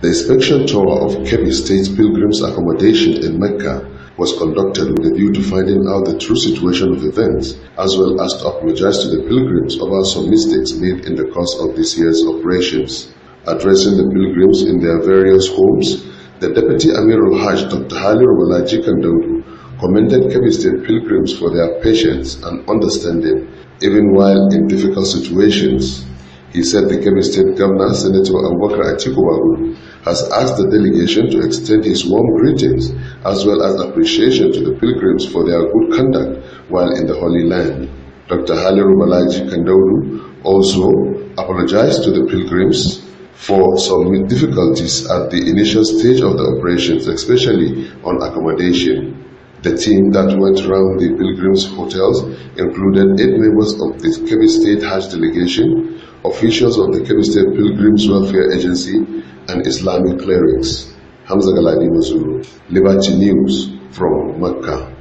The inspection tour of Kebbi State Pilgrims' accommodation in Mecca was conducted with a view to finding out the true situation of events, as well as to apologize to the pilgrims about some mistakes made in the course of this year's operations. Addressing the pilgrims in their various homes, the Deputy Amir al-Hajj, Dr. Hali Rabalaji Kandodu, commended Kebbi State pilgrims for their patience and understanding, even while in difficult situations. He said the Kebbi State Governor, Senator Abubakar Atikubaru, has asked the delegation to extend his warm greetings as well as appreciation to the pilgrims for their good conduct while in the Holy Land. Dr. Haliru Balaji Kandodu also apologized to the pilgrims for some difficulties at the initial stage of the operations, especially on accommodation. The team that went around the pilgrims' hotels included eight members of the Kebbi State Hajj delegation, officials of the Kebbi State Pilgrims Welfare Agency, and Islamic clerics. Hamza Galadi Mazuru, Liberty News from Mecca.